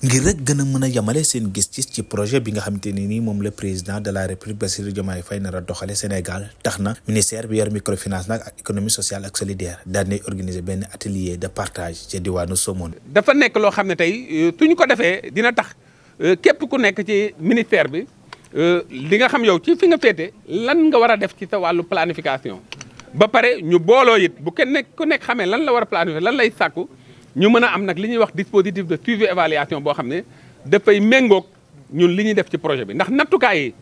ngir rek gën a mën a yamale seen gis ci ci projet bi nga xamante ne nii moom la président de la république Bassirou Diomaye Faye nar a doxale Sénégal tax na ministère bi yar microfinance nag ak économie sociale ak solidaire daal di benn atelier de partage ca diwaanu Somone. dafa nekk loo xam ne tey tu euh, ñu ko defee dina tax euh, képp ku nekk ci ministère bi li euh, nga xam yow ci fi nga féete lan nga war a def ci sa wàllu planification ba pare ñu booloo yit bu kenn ku nekk xamee lan la war a planifier lan lay sàkku. ñu mën a am nag li ñuy wax dispositif de suivi évaluation boo xam ne dafay méngoog ñun li ñuy def ci projet bi ndax nattukaay yi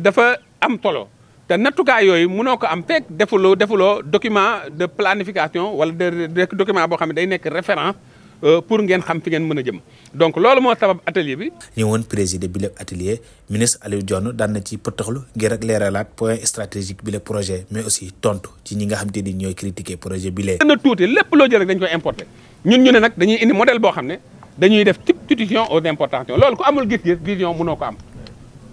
dafa am solo te nattukaay yooyu munoo ko am fekk defuloo defuloo document de planification wala de document boo xam ne day nekk référence Euh, pour ngeen xam fi ngeen mën a jëm donc loolu moo sabab atelier bi. ñu woon président bi lépp atelier ministre Aliou Dione daan na ci pëtaxlu ngir ak leeralaat point stratégique projet mais aussi tontu ci ñi nga xam te ni ñooy critiquer projet bi lee. gën lépp loo jël rek dañ koy importer ñun ñu ne nag dañuy indi modèle boo xam ne dañuy def substitution aux importations loolu ku amul gis-gis vision mënoo ko am.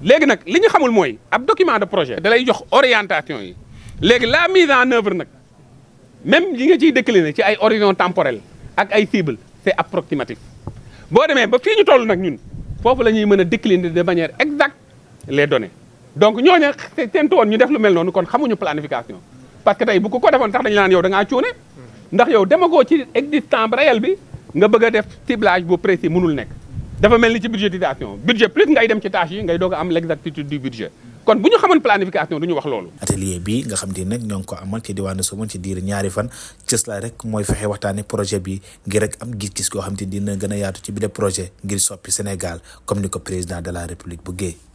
nag li ñu xamul mooy ab document de projet. da jox orientation yi léegi la mise en œuvre nag même li nga ciy décliner ci ay horizon temporel ak ay cible c' est approximatif boo demee ba fii ñu toll nag ñun foofu la ñuy mën a décliner de manière exacte les données donc ñooñu tentu woon ñu def lu mel noonu kon xamuñu planification parce que tey bu ko ko defoon sax dañ naan yow da ngaa cuune ndax yow demagoo ci existant réel bi nga bëgg a def ciblage bu précis mënul nekk dafa mel ni ci budgétisation budget plus ngay dem ci tâche yi ngay doog a am l' exactitude du budget kon bu ñu xamoon planification du ñu wax loolu atelier bi nga xam ne nag ñoo ngi ko amal ci diwaanu Somone ci diir ñaari fan cës la rek mooy fexe waxtaane projet bi ngir rek am gis-gis koo xam te dina gën a yaatu ci bile projet ngir soppi Sénégal comme ni ko président de la République bëggee